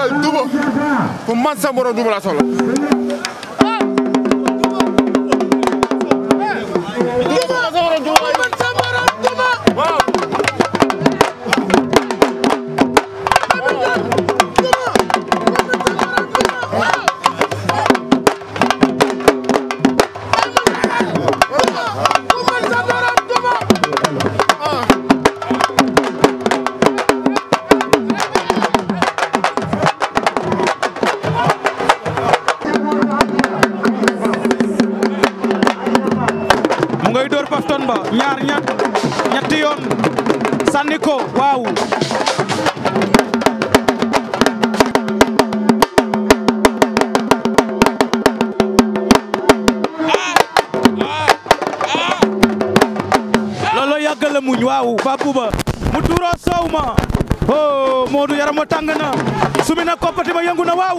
koy duba bu man sa borom duba laa soxla waaw Babouba mu tuuroo soow ma oh Modou yaram wa tàng na su na koppati ma yëngu na waaw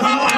Bravo! Bravo!